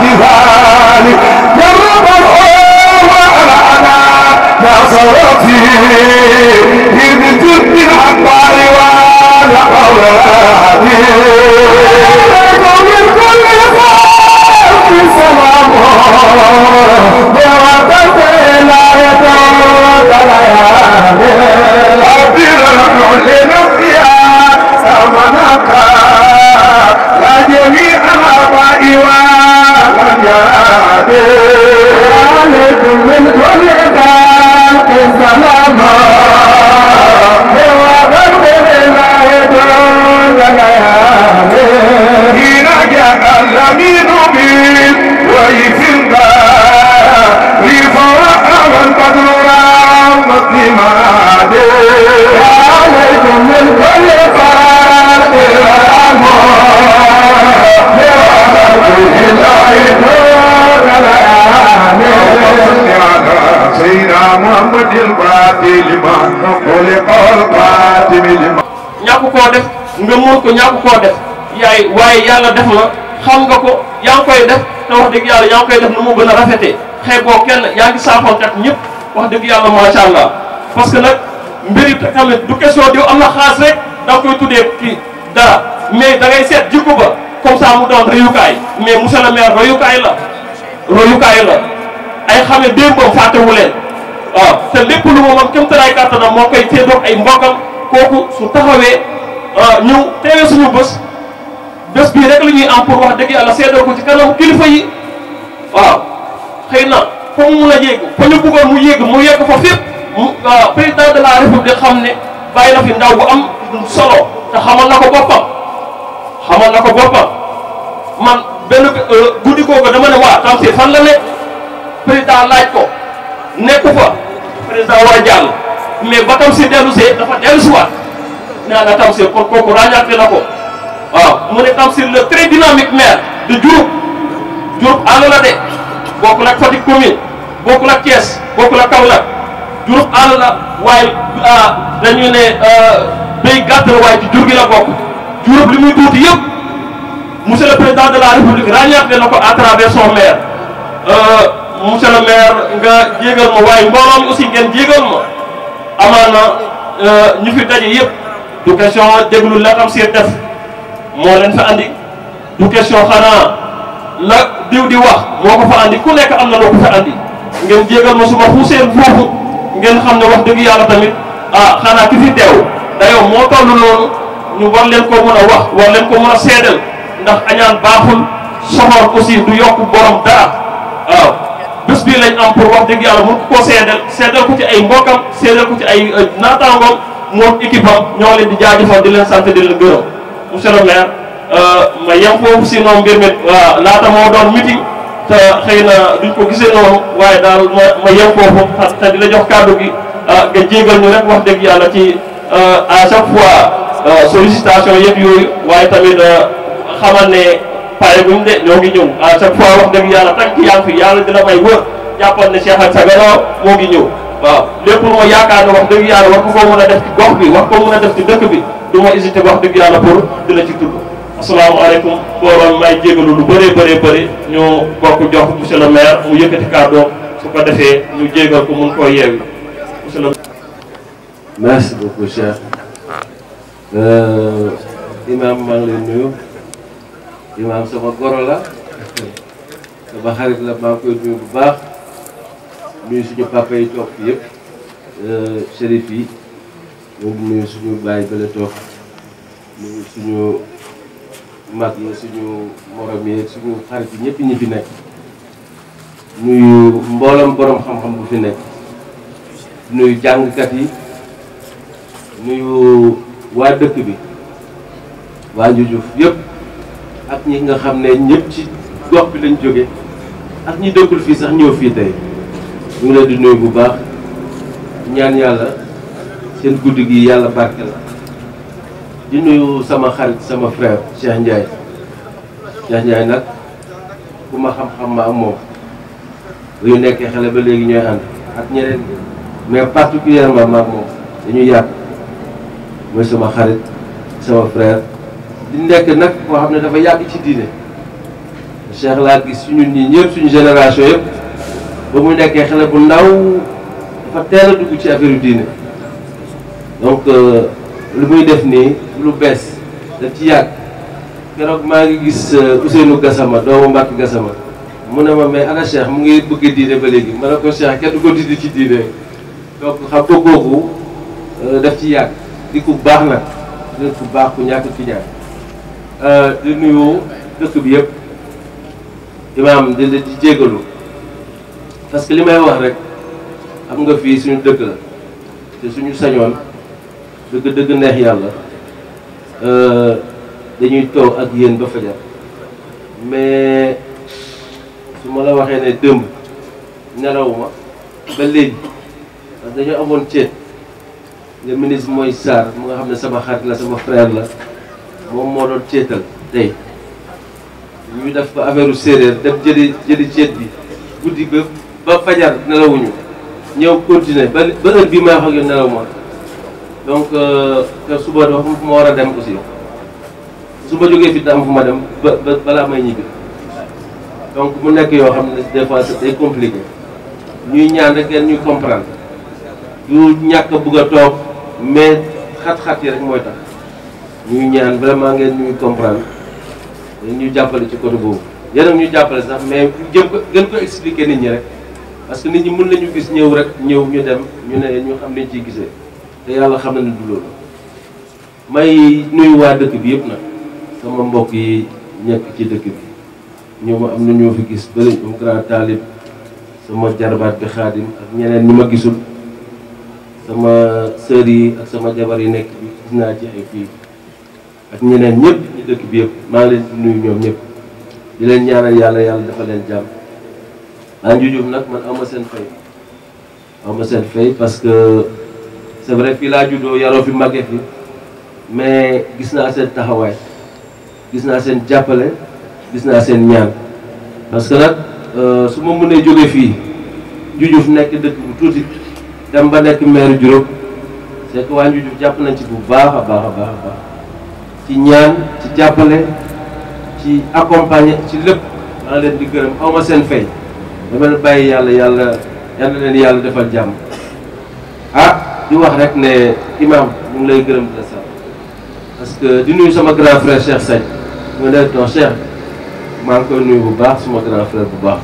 بجهالي جرب الأول أنا يا صلاتي إذ جد الأنبار وأنا أولادي من كل خلق سلام بركة لا يتوكل يا ربي لم نعلن سمنك يا جميع الآباء ولم يرى ñàkk koo def nga mën ko ñàkk koo def yaay waaye yàlla def na xam nga ko yaa ngi koy def te wax dëgg yàlla yaa ngi koy def nu mu gën a rafetee xeeboo kenn yaa ngi saafoonkat ñëpp wax dëgg yàlla macha allah. parce que nag mbiri tamit du question diw am na xaas rek da koy tuddee kii dara mais da ngay seet jikko ba comme ça mu doon royukaay mais monsieur le maire la royukaay la ay xame démbam fàttewu leen waaw ah, te lépp lu mu mën kéem tolluwaay kàttanam moo koy kooku su taxawee euh, ñëw teewee suñu bés bés bii rek la ñuy am pour wax dëgg yàlla seedoo ko ci kanam kilifa yi waaw xëy na comme mun a yéeg fa ñu bëggoon mu yéeg mu yegg fa fépp mu euh, président de la république xam ne bàyyi na fi ndaw bu am solo te xamal na ko boppam xamal na ko boppam man benn euh, guddi googu dama ne waa Tamsir fan la ne président laaj ko nekku fa président war a jàll mais ba Tamsir dellusee dafa dellusiwaat naa la ko kon kooku ràññaate na ko waaw mu ne Tamsir le très dynamique maire de Diouroup Diouroup àll de bokkul ak Fatick commune bokkul ak Thiès bokkul ak Kaolack Diouroup àll waaye ah, dañu ne day euh, gàttal waaye ci jur gi la bokk Diouroup li muy tuuti yëpp monsieur le président de la république ràññaate na ko à travers son maire euh, le maire nga jégal ma waaye mbooloo aussi ngeen jégal ma. amaana euh, ñu fi daje yëpp du question déglu la am seet def moo leen fa andi du question xanaa la diw di wax moo ko fa andi ku nekk am na loo ko fa andi ngeen jégal ma suma fu seen ngeen xam ne wax dëgg yàlla tamit ah xanaa ki fi teew dayoo moo toll loolu ñu war leen ko mën a wax war leen ko mën a seedal ndax añaan baaxul soxor aussi du yokk borom dara waaw bés bii lañ am pour wax dëgg yàlla mun ko seedal seedal ko ci ay mbokkam seedal ko ci ay euh, naataangoom moom équipe ñoo leen di jaar jaajëfal di leen sant di leen a monsieur le maire euh, ma yem foofu si noonu mbir mi laata moo doon meeting xëy na duñ ko gisee noonu waaye daal ma ma yem foofu te di la jox kàddu gi ah, nga jégal ñu rek wax dëgg yàlla ci euh, à chaque fois sollicitation yëpp yooyu waaye tamit xamal ne pare buñ de ñoo ngi ñëw à chaque fois wax dëgg yàlla tànk yaa ngi la yàlla dina may wër jàppal ne Cheikh ak moo ngi ñëw waaw lépp moo yaakaar ne wax dëgg yàlla war ko koo mën a def ci gox bi wax ko mën a def ci dëkk bi du ma hésité wax dëgg yàlla pour di la ci tudd asalaamaaleykum booroon may jégalu lu bëree bëree bëri ñu bokk jox monsieur le maire mu yëkkati kàddoom su ko defee ñu jégal ko mun koo si monsieur le merci beaucoup Cheikh euh, imam maa ngi lay nuyu imaam sama goro la sama xarit la maa koy nuyu bu baax nuyu suñu papa yi toog fi yëpp shérif euh, yi moom nuyu suñu bàyyi bële toog suñu mag yi suñu morom yi suñu xarit yi ñëpp ñi fi nekk nuyu mboolam boroom xam-xam bu fi nekk nuyu jàngkat yi nuyu waa dëkk bi waa Njuuf yëpp ak ñi nga xam ne ñëpp ci gox bi lañ jóge ak ñi dëkkul fii sax ñëw fii tey ñu ngi di nuyu bu baax ñaan yàlla seen guddi gi yàlla barke la di nuyu sama xarit sama frère Cheikh Ndiaye Cheikh Ndiaye nag bu ma xam-xam ma am moom bu ñu nekkee xale ba léegi ñooy ànd ak ñeneen mais particulièrement maag moom dañuy yàgg mooy sama xarit sama frère di nekk nag koo xam ne dafa yàgg ci diine Cheikh laa gis suñu ñi ñëpp suñu génération yëpp ba mu nekkee xale bu ndaw dafa teel dugg ci affaire yu diine donc euh, lu muy def nii lu bees def ci yàgg keroog maa ngi gis euh, useenu Gassama doomu Mbacke Gassama mu ne ma mais ana Cheikh mu ngi bëgg diine ba léegi ma ne ko Cheikh kenn du ko dindi ci diine donc xam nga kooku euh, daf ci yàgg di ku baax nag di ku baax ku ñàkk ki Euh, di nuyu dëkk bi yëpp imaam di la di jégalu parce que li may wax rek xam nga fii suñu dëkk la te suñu sañoon dëgg dëgg neex yàlla euh, dañuy toog ak yéen ba fajar mais su ma la waxee ne dëmb nelawuma ba léegi parce que dañoo amoon ceet le ministre mooy Sarr mu nga xam ne sama xarit la sama frère la moom moo doon ceetal tey ñu def fa affaire séeréer dem jëli jëli ceet bi guddi ba ba fajar nelawuñu ñëw continuer ba ba heure may wax ak yow donc euh, te suba dafa fu ma war a dem aussi su ma jógee fii am fu ma dem ba balaa may ñibbi donc mu nekk yoo xam ne des fois c'est ñuy ñaan rek ngeen ñuy comprendre du ñàkk a bugg a toog mais xat-xat yi rek mooy tax. ñuy ñaan vraiment ngeen ñuy comprendre ñu jàppale ci côté boobu yeneen ñu jàppale sax mais jëm ko gën ko expliquer nit ñi rek parce que nit ñi mun nañu gis ñëw rek ñëw ñu dem ñu ne ñu xam ne ciy gisee te yàlla xam na ne du loolu may nuyu waa dëkk bi yëpp nag sama mbokk yi ñekk ci dëkk bi ñoom am na ñoo fi gis bëri ñoom grand taalib sama jarbaat bi xaadim ak ñeneen ñu ma gisul sama sœur ak sama jabar yi nekk bi gis naa ci ay fii ak ñeneen ñëpp ñi dëkk bi yëpp maa ngi leen di nuyu ñoom ñëpp di leen ñaanal yàlla yàlla dafa leen jàmm daa njujum nag man am ma seen fay am ma seen fay parce que c'est vrai fii laa juddoo yaroo fi màggee fi mais gis naa seen taxawaay gis naa seen jàppale gis naa seen ñaan parce que nag euh, su ma mënee jóge fii Dioudiouf nekk dëkk bu tuuti dem ba nekk maire Diouroup c'est que waa jàpp nañ ci bu baax a baax a baax ci ñaan ci jàppale ci accompagner ci lépp maa leen di gërëm awma seen fay dama bàyyi yàlla yàlla yàlla yàlla defal jàmm ah di wax rek ne imam ñu ngi lay gërëm di la sant parce que di nuyu sama grand frère Cheikh Sañ mu ne non Cheikh maa ngi koy nuyu bu baax suma grand frère bu baax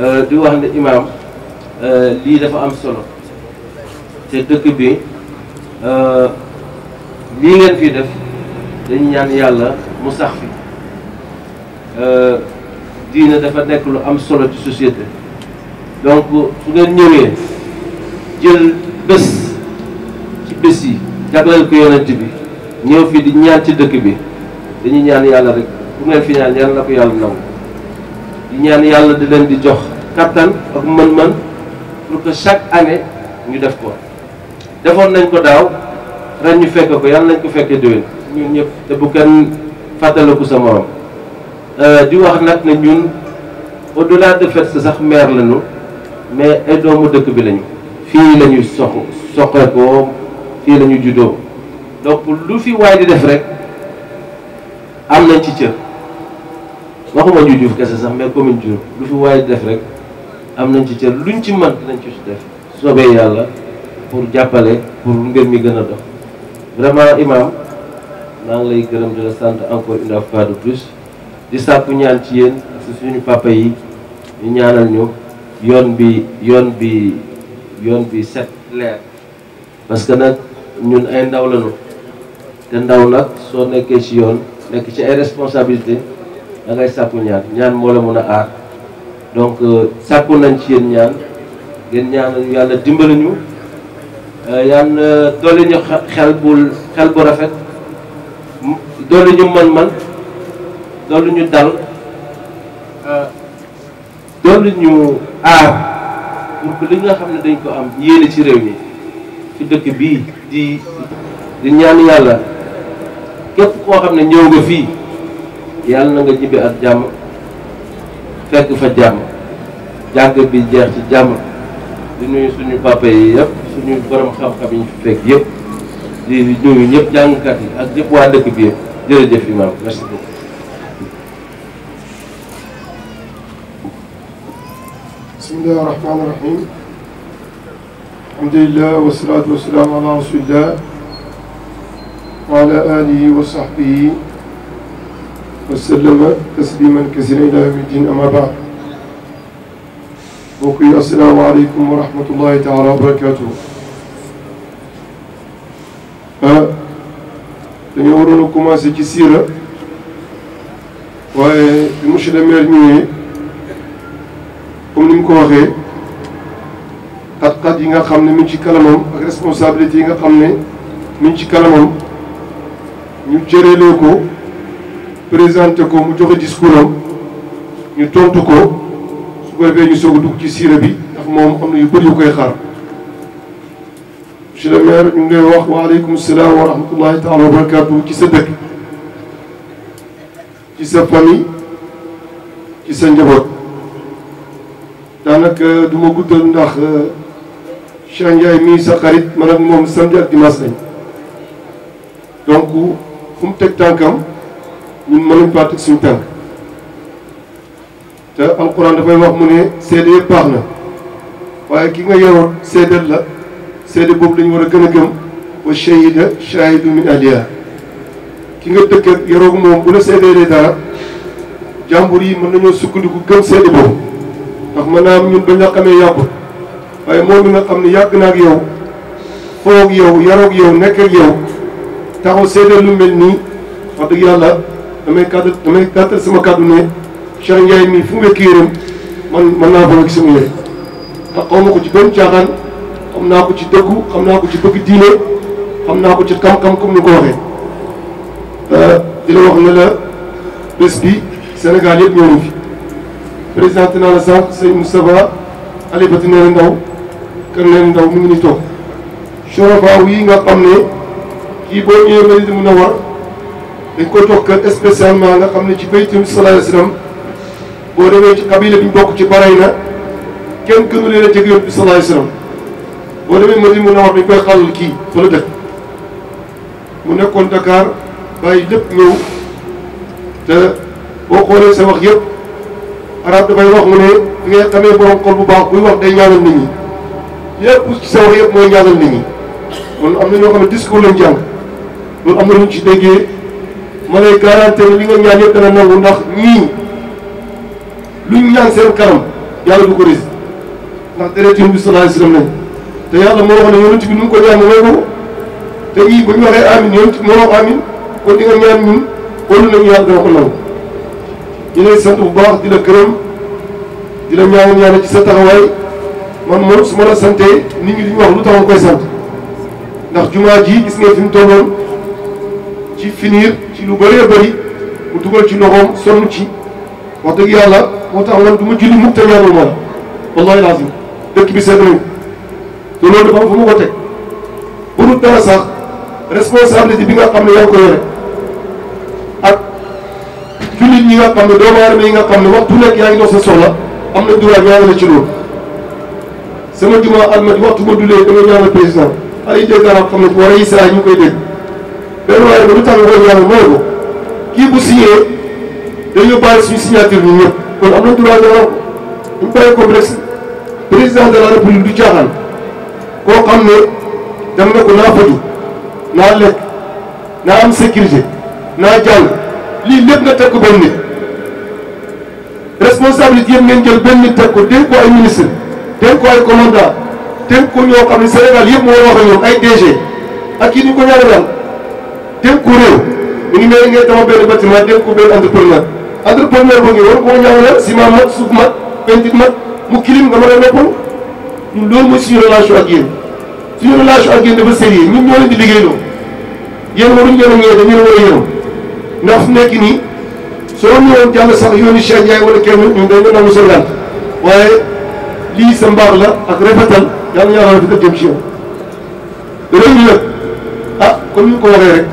euh, di wax ne imam euh, lii dafa am solo te dëkk bi euh, lii ngeen fi def dañu ñaan yàlla mu sax fi euh, diine dafa nekk lu am solo ci société donc su ngeen ñëwee jël bés ci bés yi jagleel ko yonent bi ñëw fi di ñaan ci dëkk bi dañu ñaan yàlla rek bu ngeen fi ñaan yàlla na ko yàlla nangu di ñaan yàlla di leen di jox kàttan ak mën-mën pour que chaque année ñu def ko defoon nañ ko daaw ren ñu fekk ko yàlla nañ ko fekkee déwén ñun ñëpp te bu kenn fàttaleeku sa morom euh, di wax nag na ñun au delà de sax maire lañu mais ay doomu dëkk bi lañu fii lañuy ñu sox soqeekoo fii la ñu juddoo donc lu fi waay di def rek am nañ ci cër waxuma Diouf kese sax mais commune Diouf lu fi waay di def rek am nañ ci cër luñ ci mën dinañ ci def soobee yàlla pour jàppale pour mbir mi gën a dox vraiment imam maa ngi lay gërëm di sant encore une fois de plus di sàkku ñaan ci yéen ak si suñu papa yi ñu ñaanal ñu yoon bi yoon bi yoon bi set leer parce que nag ñun ay ndaw lañu te ndaw nag soo nekkee ci yoon nekk ci ay responsabilité da ngay ñaan ñaan moo la mën a aar donc euh, sàkku nañ ci yéen ñaan ngeen ñaanal ñu yàlla dimbali ñu euh, yàlla dolli ñu xel bu xel bu rafet doolu ñu man mën doolu ñu dal doolu euh, ñu aar pour que li nga xam ne dañ ko am yéene ci réew mi ci dëkk bii di di ñaan yàlla képp koo xam ne ñëw nga fii yàlla na nga ñibbi ak jàmm fekk fa jàmm jàng bi jeex ci jàmm di nuyu suñu papa yi yëpp suñu borom xam-xam yi ñu fi fekk yëpp di nuyu ñëpp jàngkat yi ak ñëpp waa dëkk bi jërëjëf imam merci beaucoup. bismillahi rahmaani rahim alhamdulilah wasalaatu wasalaamu ala rasulillah wa ala alihi wa sahbihi wa sallama tasliman kasiran ila yawmi din amma baad mbokk yi assalaamu aleykum wa rahmatullahi taala wa barakatuhu dañoo waroon a commencé ci siira waaye monsieur le maire ñëwee comme ni mu ko waxee xat-xat yi nga xam ne mi ngi ci kanamam ak responsabilité yi nga xam ne mi ci kanamam ñu cërelee ko présenté ko mu joxe discours am ñu tontu ko su ko defee ñu soog dugg ci siira bi ndax moom am na yu bëri koy xaar. monsieur le maire ñu ngi lay wax waaleykum salaam wa rahmatullahi taala wa barakaatu ci sa dëkk ci sa famille ci sa njaboot daanaka du guddal ndax euh, Cheikh Ndiaye mii sa xarit man ak moom samedi ak dimanche lañ donc fu mu teg tànkam ñun mënuñ faa teg suñu tànk te alquran dafay wax mu ne seede yëpp baax na waaye ki nga yoroon seedeel la seede boobu lañu war a gën a gëm wa shahida shahidu min ahliha ki nga dëkk ak yaroog moom bu la seedeeree dara jàmbur yi mën nañoo sukkandiku gëm seede boobu ndax mën naa am ñun bañ la xamee waaye moom mi nga xam ne yàgg na ak yow foog yow yaroog yow nekk ak yow taxaw lu mel nii wax dëgg yàlla damay kàddu damay gàttal sama kàddu ne Cheikh Ndiaye mii fu mu wekk yërëm man mën naa ko wekk sama yére ndax xaw ma ko ci benn caaxaan xam naa ko ci dëggu xam naa ko ci bëgg diine xam naa ko ci kam-kam comme ni ko waxee euh, di la wax ne la bés bi Sénégal yëpp ñëw fi président naa la sànq sëñ Moustapha alibati nee na ndaw kan nee ndaw mu ngi ni toog choroba wii nga xam ne kii boo ñëwee ba di mun a war dañ ko jox kër spécialement nga xam ne ci baytu sallallahu alayhi wasallam boo demee ci kabila bi ñu bokk ci Barayna kenn gënu leen a jege yoon bi sallallahu alayhi wasallam boo demee mën mun a wax dañ koy xàllal kii fa la dëkk mu nekkoon Dakar bàyyi lépp ñëw te boo xoolee sa wax yëpp arab dafay wax mu ne fi ngay xamee borom xol bu baax buy wax day ñaanal nit ñi yëpp ci sa wax yëpp mooy ñaanal nit ñi kon am na ñoo xam ne discours lañ jàng loolu am na luñ ci déggee ma lay garantir li nga ñaan yëpp dana nangu ndax ñii luñ ñaan seen kanam yàlla du ko rés ndax deretu bi sallallahu alayhi wa sallam te yàlla moo wax ne yonent bi nu mu ko ñaan may ko te yii bu ñu waxee amin yonent nga ñaan ñun kon nag yàlla doo ko nangu ñu lay sant bu baax di këram gërëm di la ñaanal yàlla ci sa taxawaay man moom su ma santee nit ñi duñu wax lu tax koy sant ndax jumaa ji gis nga fi mu tolloon ci finir ci lu bëree bëri mu dugal ci loxoom sonn ci wax dëgg yàlla moo tax man du ma julli mukk te ñaanal ma la wallahi lazim dëkk bi seen réew te loolu dafa am fu mu ko teg bu dul dara sax responsabilité bi nga xam ne yaa ngi ko ak jullit ñi nga xam ne doomu aadama yi nga xam ne waxtu nekk yaa ngi dox sa soxla am na droit ñaanal ci loolu sama jumaa almadi waxtu ma dulee dama ñaanal président ay dégg arab xam ne war a yisaa ñu koy dégg benn waaye ba lu tax nga koy ñaanal mooy ko kii bu signé dañu bàyyi suñu signature ñun ñëpp kon am na droit ñaanal ko ñu bàyyi complexe président de la république du caaxaan xam ne dem na ko naa faju naa lekk naa am sécurité naa jàng lii lépp nga teg ko benn nit responsabilité yëpp ngeen jël benn nit teg ko dénk ko ay ministre dénk ko ay commandant dénk ko ñoo xam ne Sénégal yëpp moo wax ak ñoom ay DG ak yi ñu ko ñaanal dénk ko réew mu ngi mel ngeen dama benn bâtiment dénk ko benn entrepreneur entrepreneur boo ngi war boo ñaanal ciment mat suuf mat peinture mat mu kilim nga mën a noppal ñun loolu mooy suñu relation ak yéen dafa sérieux ñun ñoo leen di liggéeyloo yéen waruñu leen a ñëw dañu leen war a ndax fu nekk nii soo ñëwoon jàll sax yoonu Cheikh Ndiaye wala kenn ñun dañ ko nangu sa waaye lii sa mbaar la ak rafetal yàlla ñaar rafetal jëm ci yow. réew mi nag ah comme ni ko waxee rek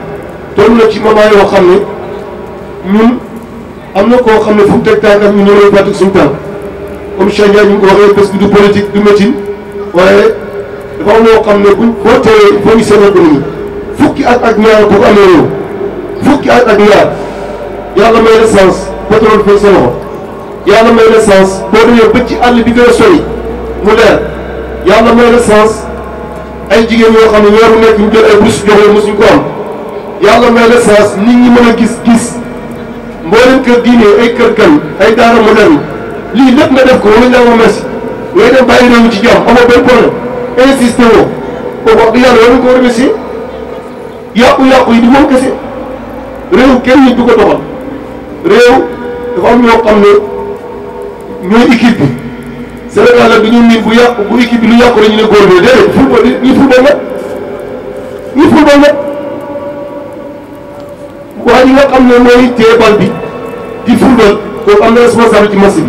toll na ci moment yoo xam ne ñun am na koo xam ne fu mu teg tànkam ñu ñëwee baatu suñu tànk comme Cheikh ñu ngi ko waxee parce que du politique du médecine waaye. moom loo xam ne buñ boo teelee boo seen économie fukki at ak ñaar boo fukki at ak ñaar yàlla may na sens pétrole fay sa loxo yàlla may na sens boo demee bëcc àll bi gën a sori mu leer yàlla may na ay jigéen yoo xam ne weeru nekk ñu jël ay brousse jox leen ko am yàlla may na sens nit ñi mën a gis gis mboolem kër diine ay kër gan ay daara moderne lii lépp nga def ko wala ñu la merci ngay dem bàyyi réew mi ci jàmm amoo benn problème. insisté woo kooku wax dëgg yàlla war nañ ko remercier yàqu-yàqu yi du moom kese réew kenn nit du ko doxal réew dafa am ñoo xam ne ñooy équipe bi Sénégal nag dañu miin bu yàqu bu équipe bi lu yàqu dañu ne góor bi déedéet ñu football nag ñu football nag waa ji nga xam ne mooy téye bi di football kooku am na responsabilité ci match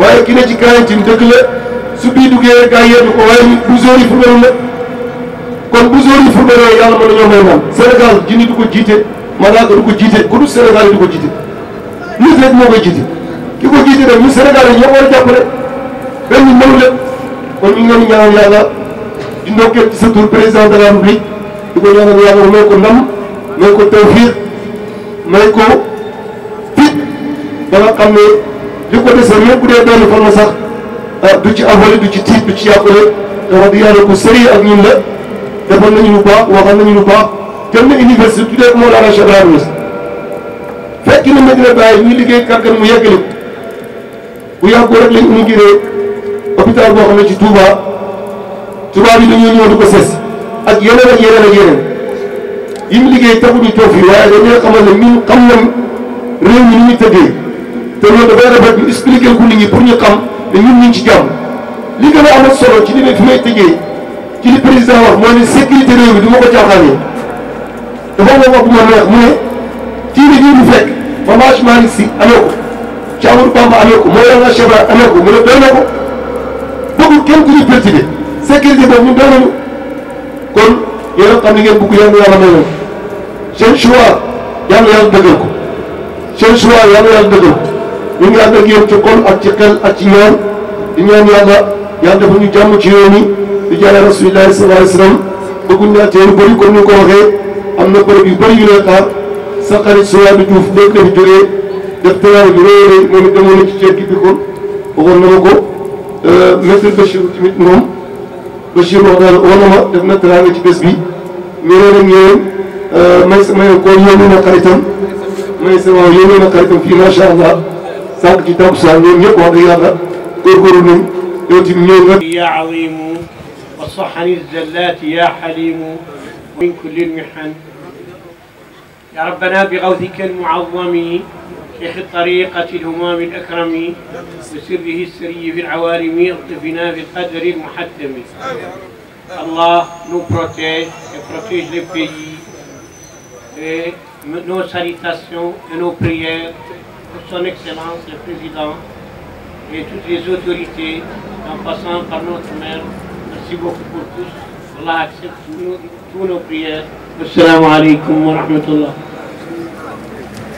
waaye ki ne ci quarantaine dëgg la su bii duggee gars yi ko waaye bu zone yi football la kon bu zone yi football la yàlla mën nañoo may naan Sénégal ji ni du ko jiite Malaga du ko jiite ku dul Sénégal ko jiite nit rek moo koy jiite ki ko jiite nag ñu Sénégal yi ñoo war a jàppale benn mënu leen kon ñu ngi leen ñaanal yàlla di sa tur président de la République di ko ñaanal yàlla may ko ndam may ko tawfiq may ko fit ba nga xam li ko dese même bu dee benn fan sax. Ah, du ci avale du ci tiit du ci yàqule te wax dëgg yàlla ku sérieux ak ñun la defoon nañu lu baax waxoon nañu lu baax dem na université tuddee ko Mawlana Cheikh Ibrahima Niass fekk na mu yeggali bu yàggoo rek lañ inauguré hôpital boo xam ne ci Touba Touba bi dañoo ñëw di ak yeneen ak yeneen ak yeneen yi mu liggéey taxul ñu toog fii waaye dañoo xamal ne ñun xam nañ réew mi ni ñu tëddee te loolu dafay rafet ñu expliqué ko nit ñi pour ñu xam. ne ñun ñu ci jàmm li gën a amat solo ci li may fi may tëjee ci li président wax mooy ne sécurité réew bi du ma ko caaxaanee dafa am wax bu ma mu ne kii bi ñu fekk Mame Malick Sy amee ko Thiamour Bamba amee ko Mawlana Cheikh Ibrahima amee ko mu ne doy na ko bëggul kenn ku ñu perturbé sécurité boobu ñun doy nañu kon yéen a xam ne ngeen bëgg yàlla yàlla may leen seen choix yàlla yàlla dëggal ko seen choix yàlla yàlla dëggal ko. ñu ngi ànd ak yéen ci xol ak ci xel ak ci yoon di ñaan yàlla yàlla dafa ñu jàmm ci yoon yi di jaaree rasulillahi sallallahu alayhi wasallam bëgguñ naa teeru bëri comme ni ko am na bërëb yu bëri yu lay xaar sa xarit Souare Diouf léegi dafa jógee def teraanga bi réy moom it demoon na ci gi bi kon waxoon na ma ko euh, maître Bachir tamit moom Bachir wax na la war na ma def ci bés bi ñeneen ak ñeneen euh, may sa may ko yónnee na xaritam may sa waaw yónnee na xaritam fii sànq ci tàmbusaay ñoom ñëpp wax dëgg yàlla góorgóorlu nañ yow ci ñëw nga. yaa azimu wa saxani zallaat yaa xalimu min kulli lmihan ya rabbana bi gawdika almuazami شيخ الطريقة الهمام الأكرم وسره السري في العوالم اغتفنا بالقدر المحتم Allah nous protège et protège le pays et nos salutations et nos prières son Excellence le Président et toutes les autorités, en passant par notre maire. Merci beaucoup pour tous. Allah accepte tous nos, tous nos prières. Assalamu alaikum wa rahmatullah.